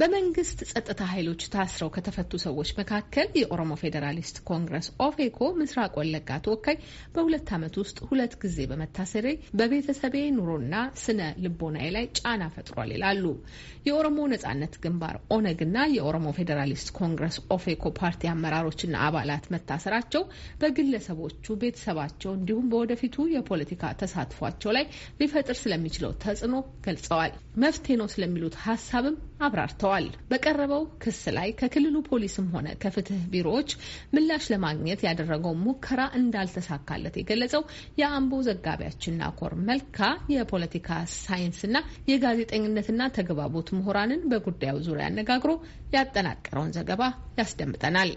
በመንግስት ጸጥታ ኃይሎች ታስረው ከተፈቱ ሰዎች መካከል የኦሮሞ ፌዴራሊስት ኮንግረስ ኦፌኮ ምስራቅ ወለጋ ተወካይ በሁለት ዓመት ውስጥ ሁለት ጊዜ በመታሰሬ በቤተሰቤ ኑሮና ስነ ልቦናዬ ላይ ጫና ፈጥሯል ይላሉ። የኦሮሞ ነጻነት ግንባር ኦነግና የኦሮሞ ፌዴራሊስት ኮንግረስ ኦፌኮ ፓርቲ አመራሮችና አባላት መታሰራቸው በግለሰቦቹ ቤተሰባቸው እንዲሁም በወደፊቱ የፖለቲካ ተሳትፏቸው ላይ ሊፈጥር ስለሚችለው ተጽዕኖ ገልጸዋል። መፍትሄ ነው ስለሚሉት ሀሳብም አብራርተዋል። በቀረበው ክስ ላይ ከክልሉ ፖሊስም ሆነ ከፍትህ ቢሮዎች ምላሽ ለማግኘት ያደረገው ሙከራ እንዳልተሳካለት የገለጸው የአምቦ ዘጋቢያችን ናኮር መልካ የፖለቲካ ሳይንስና የጋዜጠኝነትና ተግባቦት ምሁራንን በጉዳዩ ዙሪያ አነጋግሮ ያጠናቀረውን ዘገባ ያስደምጠናል።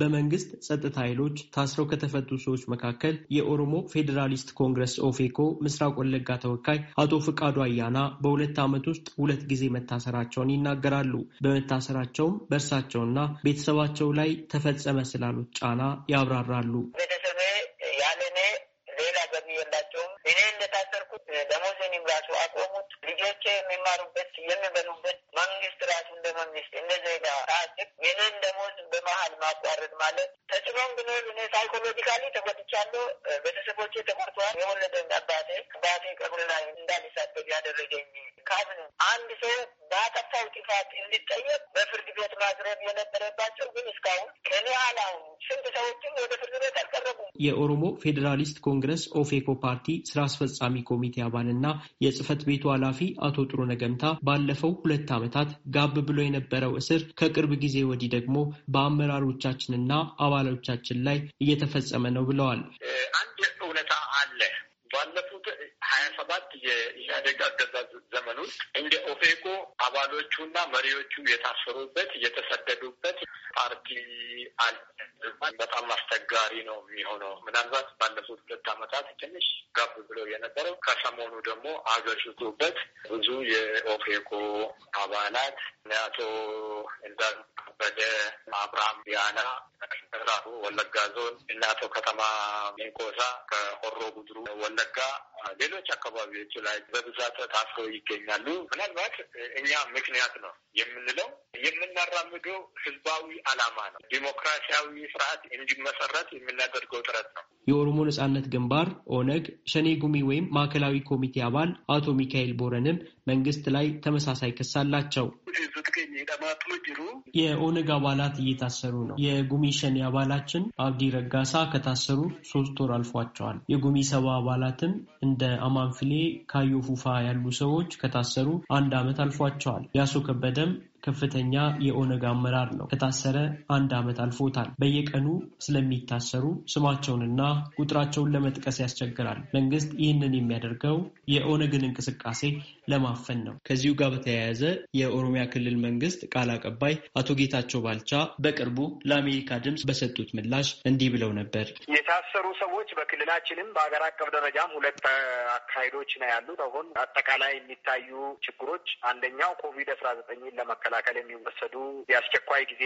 በመንግስት ጸጥታ ኃይሎች ታስረው ከተፈቱ ሰዎች መካከል የኦሮሞ ፌዴራሊስት ኮንግረስ ኦፌኮ ምስራቅ ወለጋ ተወካይ አቶ ፍቃዱ አያና በሁለት ዓመት ውስጥ ሁለት ጊዜ መታሰራቸውን ይናገራሉ። በመታሰራቸውም በእርሳቸውና ቤተሰባቸው ላይ ተፈጸመ ስላሉት ጫና ያብራራሉ። ቤተሰቤ ያለ እኔ ሌላ ገቢ የላቸውም። እኔ እንደታሰርኩት ደሞዜንም ራሱ አቆሙት። ልጆቼ የሚማሩበት የሚበሉበት መንግስት ራሱ እንደ መንግስት እንደ ዜጋ ራስ የኔን ደሞዝ በመሀል ማቋረ በአጥፋው ጥፋት እንዲጠየቅ በፍርድ ቤት ማቅረብ የነበረባቸው ግን እስካሁን ከኔ አላሁን ስንት ሰዎችም ወደ ፍርድ ቤት አልቀረቡም። የኦሮሞ ፌዴራሊስት ኮንግረስ ኦፌኮ ፓርቲ ስራ አስፈጻሚ ኮሚቴ አባልና የጽህፈት ቤቱ ኃላፊ አቶ ጥሩ ነገምታ ባለፈው ሁለት ዓመታት ጋብ ብሎ የነበረው እስር ከቅርብ ጊዜ ወዲህ ደግሞ በአመራሮቻችንና አባሎቻችን ላይ እየተፈጸመ ነው ብለዋል። አንድ እውነታ አለ። ባለፉት ሀያ ሰባት የኢህአዴግ አገዛዝ ዘመን ውስጥ እንደ ኦፌኮ አባሎቹና መሪዎቹ የታሰሩበት የተሰደዱበት ፓርቲ አለ። በጣም አስቸጋሪ ነው የሚሆነው። ምናልባት ባለፉት ሁለት ዓመታት ትንሽ ጋብ ብሎ የነበረው ከሰሞኑ ደግሞ አገር ሽጡበት ብዙ የኦፌኮ አባላት አቶ እንዳሉ ከበደ፣ አብርሃም ቢያና ምዕራቡ ወለጋ ዞን እና አቶ ከተማ ሜንኮሳ ከሆሮ ጉድሩ ወለ ወለጋ፣ ሌሎች አካባቢዎች ላይ በብዛት ታስረው ይገኛሉ። ምናልባት እኛ ምክንያት ነው የምንለው የምናራምደው ህዝባዊ አላማ ነው። ዲሞክራሲያዊ ስርዓት እንዲመሰረት የምናደርገው ጥረት ነው። የኦሮሞ ነጻነት ግንባር ኦነግ ሸኔ ጉሚ ወይም ማዕከላዊ ኮሚቴ አባል አቶ ሚካኤል ቦረንም መንግስት ላይ ተመሳሳይ ክስ አላቸው። የኦነግ አባላት እየታሰሩ ነው። የጉሚ ሸኔ አባላችን አብዲ ረጋሳ ከታሰሩ ሶስት ወር አልፏቸዋል። የጉሚ ሰባ አባላትም እንደ አማንፍሌ፣ ካዮ ፉፋ ያሉ ሰዎች ከታሰሩ አንድ ዓመት አልፏቸዋል። ያሶ ከበደም ከፍተኛ የኦነግ አመራር ነው። ከታሰረ አንድ ዓመት አልፎታል። በየቀኑ ስለሚታሰሩ ስማቸውንና ቁጥራቸውን ለመጥቀስ ያስቸግራል። መንግስት ይህንን የሚያደርገው የኦነግን እንቅስቃሴ ለማፈን ነው። ከዚሁ ጋር በተያያዘ የኦሮሚያ ክልል መንግስት ቃል አቀባይ አቶ ጌታቸው ባልቻ በቅርቡ ለአሜሪካ ድምፅ በሰጡት ምላሽ እንዲህ ብለው ነበር። የታሰሩ ሰዎች በክልላችንም በሀገር አቀፍ ደረጃም ሁለት አካሄዶች ነው ያሉት። አሁን አጠቃላይ የሚታዩ ችግሮች አንደኛው ኮቪድ አስራ ዘጠኝን ለመከ ለመከላከል የሚወሰዱ የአስቸኳይ ጊዜ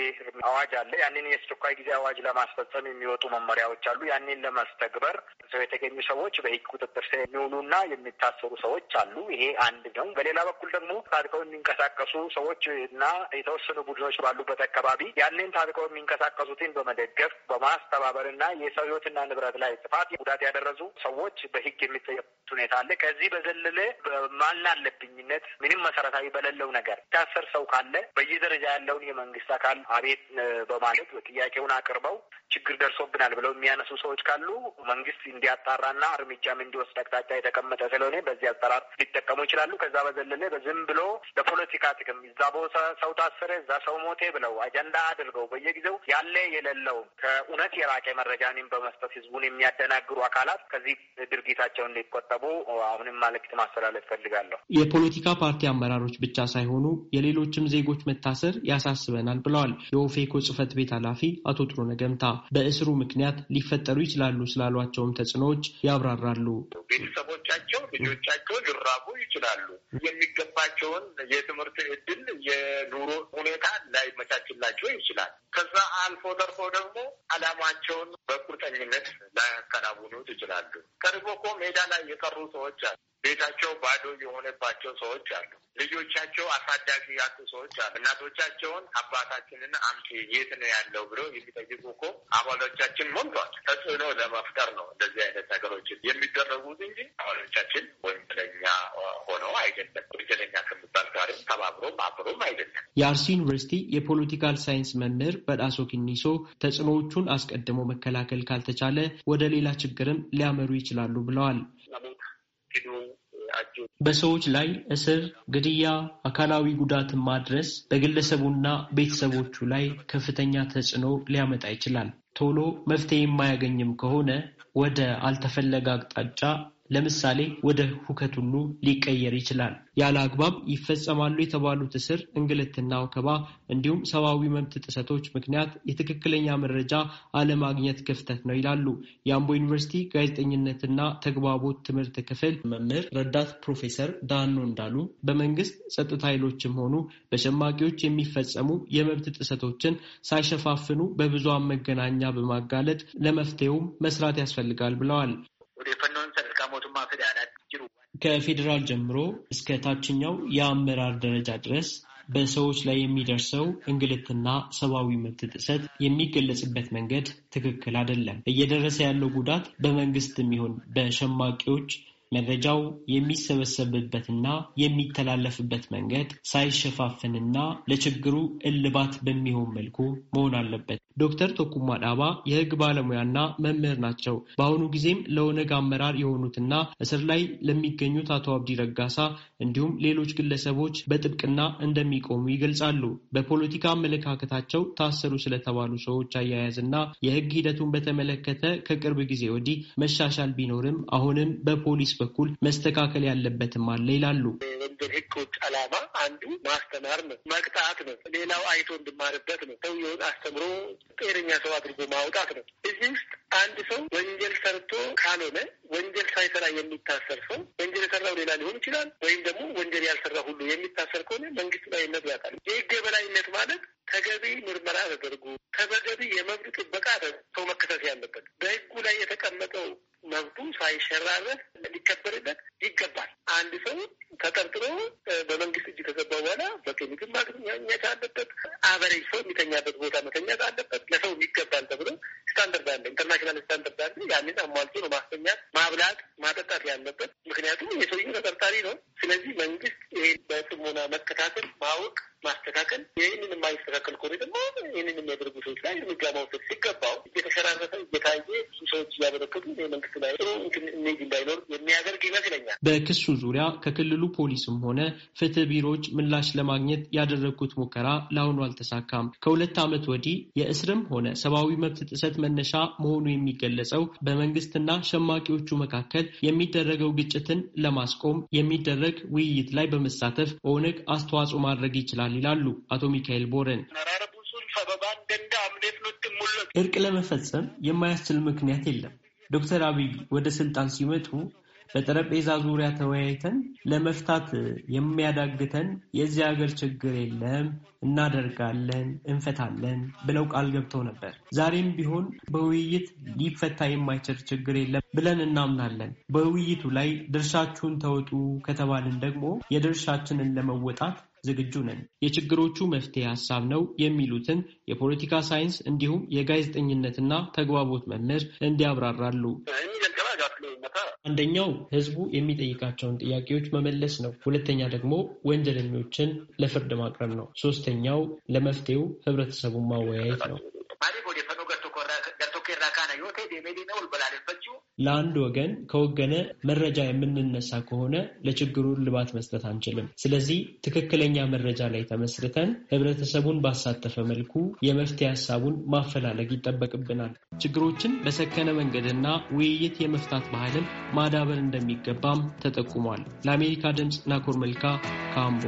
አዋጅ አለ። ያንን የአስቸኳይ ጊዜ አዋጅ ለማስፈጸም የሚወጡ መመሪያዎች አሉ። ያንን ለማስተግበር ሰው የተገኙ ሰዎች በህግ ቁጥጥር ስር የሚውሉና የሚታሰሩ ሰዎች አሉ። ይሄ አንድ ነው። በሌላ በኩል ደግሞ ታጥቀው የሚንቀሳቀሱ ሰዎች እና የተወሰኑ ቡድኖች ባሉበት አካባቢ ያንን ታጥቀው የሚንቀሳቀሱትን በመደገፍ በማስተባበር እና የሰው ሕይወትና ንብረት ላይ ጥፋት ጉዳት ያደረሱ ሰዎች በህግ የሚጠየቁበት ሁኔታ አለ። ከዚህ በዘለለ በማናለብኝነት ምንም መሰረታዊ በሌለው ነገር ታሰር ሰው ካለ ስላለ በየደረጃ ያለውን የመንግስት አካል አቤት በማለት ጥያቄውን አቅርበው ችግር ደርሶብናል ብለው የሚያነሱ ሰዎች ካሉ መንግስት እንዲያጣራና እርምጃም እንዲወስድ አቅጣጫ የተቀመጠ ስለሆነ በዚህ አሰራር ሊጠቀሙ ይችላሉ። ከዛ በዘለለ በዝም ብሎ ለፖለቲካ ጥቅም እዛ ቦታ ሰው ታሰረ፣ እዛ ሰው ሞቴ ብለው አጀንዳ አድርገው በየጊዜው ያለ የሌለው ከእውነት የራቀ መረጃንም በመስጠት ህዝቡን የሚያደናግሩ አካላት ከዚህ ድርጊታቸው እንዲቆጠቡ አሁንም መልዕክት ማስተላለፍ ፈልጋለሁ። የፖለቲካ ፓርቲ አመራሮች ብቻ ሳይሆኑ የሌሎችም ዜ ዜጎች መታሰር ያሳስበናል ብለዋል የኦፌኮ ጽህፈት ቤት ኃላፊ አቶ ጥሩነ ገምታ በእስሩ ምክንያት ሊፈጠሩ ይችላሉ ስላሏቸውም ተጽዕኖዎች ያብራራሉ። ቤተሰቦቻቸው ልጆቻቸው ሊራቡ ይችላሉ። የሚገባቸውን የትምህርት እድል፣ የኑሮ ሁኔታ ላይመቻችላቸው ይችላል። ከዛ አልፎ ተርፎ ደግሞ አላማቸውን በቁርጠኝነት ላያከናውኑት ይችላሉ። ከድቦ እኮ ሜዳ ላይ የቀሩ ሰዎች አሉ። ቤታቸው ባዶ የሆነባቸው ሰዎች አሉ። ልጆቻቸው አሳዳጊ ያጡ ሰዎች አሉ። እናቶቻቸውን አባታችንን አምቲ የት ነው ያለው ብለው የሚጠይቁ እኮ አባሎቻችን ሞልቷል። ተጽዕኖ ለመፍጠር ነው እንደዚህ አይነት ነገሮችን የሚደረጉት እንጂ አባሎቻችን ወንጀለኛ ሆነው አይደለም። ወንጀለኛ ከሚባል ጋርም ተባብሮ አብሮም አይደለም። የአርሲ ዩኒቨርሲቲ የፖለቲካል ሳይንስ መምህር በጣሶ ኪኒሶ ተጽዕኖዎቹን አስቀድሞ መከላከል ካልተቻለ ወደ ሌላ ችግርም ሊያመሩ ይችላሉ ብለዋል። አጁ በሰዎች ላይ እስር፣ ግድያ፣ አካላዊ ጉዳት ማድረስ በግለሰቡና ቤተሰቦቹ ላይ ከፍተኛ ተጽዕኖ ሊያመጣ ይችላል። ቶሎ መፍትሄ የማያገኝም ከሆነ ወደ አልተፈለገ አቅጣጫ ለምሳሌ ወደ ሁከት ሁሉ ሊቀየር ይችላል። ያለ አግባብ ይፈጸማሉ የተባሉት እስር፣ እንግልትና ወከባ እንዲሁም ሰብአዊ መብት ጥሰቶች ምክንያት የትክክለኛ መረጃ አለማግኘት ክፍተት ነው ይላሉ የአምቦ ዩኒቨርሲቲ ጋዜጠኝነትና ተግባቦት ትምህርት ክፍል መምህር ረዳት ፕሮፌሰር ዳኖ እንዳሉ በመንግስት ጸጥታ ኃይሎችም ሆኑ በሸማቂዎች የሚፈጸሙ የመብት ጥሰቶችን ሳይሸፋፍኑ በብዙሃን መገናኛ በማጋለጥ ለመፍትሄውም መስራት ያስፈልጋል ብለዋል። ከፌዴራል ጀምሮ እስከ ታችኛው የአመራር ደረጃ ድረስ በሰዎች ላይ የሚደርሰው እንግልትና ሰብአዊ መብት ጥሰት የሚገለጽበት መንገድ ትክክል አይደለም። እየደረሰ ያለው ጉዳት በመንግስት የሚሆን በሸማቂዎች መረጃው የሚሰበሰብበትና የሚተላለፍበት መንገድ ሳይሸፋፍንና ለችግሩ እልባት በሚሆን መልኩ መሆን አለበት። ዶክተር ቶኩማ ዳባ የህግ ባለሙያና መምህር ናቸው። በአሁኑ ጊዜም ለኦነግ አመራር የሆኑትና እስር ላይ ለሚገኙት አቶ አብዲ ረጋሳ እንዲሁም ሌሎች ግለሰቦች በጥብቅና እንደሚቆሙ ይገልጻሉ። በፖለቲካ አመለካከታቸው ታሰሩ ስለተባሉ ሰዎች አያያዝና የህግ ሂደቱን በተመለከተ ከቅርብ ጊዜ ወዲህ መሻሻል ቢኖርም አሁንም በፖሊስ በመንግስት በኩል መስተካከል ያለበትም አለ ይላሉ። ወንጀል ህጎች ዓላማ አንዱ ማስተማር ነው፣ መቅጣት ነው፣ ሌላው አይቶ እንድማርበት ነው፣ ሰውየውን አስተምሮ ጤነኛ ሰው አድርጎ ማውጣት ነው። እዚህ ውስጥ አንድ ሰው ወንጀል ሰርቶ ካልሆነ ወንጀል ሳይሰራ የሚታሰር ሰው ወንጀል የሰራው ሌላ ሊሆን ይችላል፣ ወይም ደግሞ ወንጀል ያልሰራ ሁሉ የሚታሰር ከሆነ መንግስት ላይነት ያጣል። የህግ የበላይነት ማለት ተገቢ ምርመራ ተደርጎ ተገቢ የመብት ጥበቃ ሰው መከሰስ ያለበት በህጉ ላይ የተቀመጠው መብቱ ሳይሸራረፍ ሊከበርለት ይገባል። አንድ ሰው ተጠርጥሮ በመንግስት እጅ ከገባ በኋላ በቂ ምግብ ማግኘት አለበት። አበሬጅ ሰው የሚተኛበት ቦታ መተኛት አለበት። ለሰው የሚገባል ተብሎ ስታንደርድ አለ፣ ኢንተርናሽናል ስታንደርድ አለ። ያንን አሟልቶ ነው ማስተኛት፣ ማብላት፣ ማጠጣት ያለበት። ምክንያቱም የሰውዬው ተጠርጣሪ ነው። ስለዚህ መንግስት ይሄን በጽሞና መከታተል፣ ማወቅ፣ ማስተካከል ይህንን የማይስተካከል ከሆነ ደግሞ ይህንን የሚያደርጉ ሰዎች ላይ እርምጃ መውሰድ ሲገባው እየተሸራረፈ እየታየ ብዙ ሰዎች እያበረከቱ የመንግስት ላይ ጥሩ እንትን እንዳይኖር የሚያደርግ ይመስለኛል። በክሱ ዙሪያ ከክልሉ ፖሊስም ሆነ ፍትህ ቢሮዎች ምላሽ ለማግኘት ያደረግኩት ሙከራ ለአሁኑ አልተሳካም። ከሁለት ዓመት ወዲህ የእስርም ሆነ ሰብአዊ መብት ጥሰት መነሻ መሆኑ የሚገለጸው በመንግስትና ሸማቂዎቹ መካከል የሚደረገው ግጭትን ለማስቆም የሚደረግ ውይይት ላይ በመሳተፍ ኦነግ አስተዋጽኦ ማድረግ ይችላል ይላሉ አቶ ሚካኤል ቦረን። እርቅ ለመፈጸም የማያስችል ምክንያት የለም። ዶክተር አብይ ወደ ስልጣን ሲመጡ በጠረጴዛ ዙሪያ ተወያይተን ለመፍታት የሚያዳግተን የዚህ ሀገር ችግር የለም፣ እናደርጋለን፣ እንፈታለን ብለው ቃል ገብተው ነበር። ዛሬም ቢሆን በውይይት ሊፈታ የማይችል ችግር የለም ብለን እናምናለን። በውይይቱ ላይ ድርሻችሁን ተወጡ ከተባልን ደግሞ የድርሻችንን ለመወጣት ዝግጁ ነን። የችግሮቹ መፍትሄ ሀሳብ ነው የሚሉትን የፖለቲካ ሳይንስ እንዲሁም የጋዜጠኝነትና ተግባቦት መምህር እንዲያብራራሉ አንደኛው ህዝቡ የሚጠይቃቸውን ጥያቄዎች መመለስ ነው። ሁለተኛ ደግሞ ወንጀለኞችን ለፍርድ ማቅረብ ነው። ሶስተኛው ለመፍትሄው ህብረተሰቡን ማወያየት ነው። ለአንድ ወገን ከወገነ መረጃ የምንነሳ ከሆነ ለችግሩ እልባት መስጠት አንችልም። ስለዚህ ትክክለኛ መረጃ ላይ ተመስርተን ህብረተሰቡን ባሳተፈ መልኩ የመፍትሄ ሀሳቡን ማፈላለግ ይጠበቅብናል። ችግሮችን በሰከነ መንገድና ውይይት የመፍታት ባህልን ማዳበር እንደሚገባም ተጠቁሟል። ለአሜሪካ ድምፅ ናኮር መልካ ካምቦ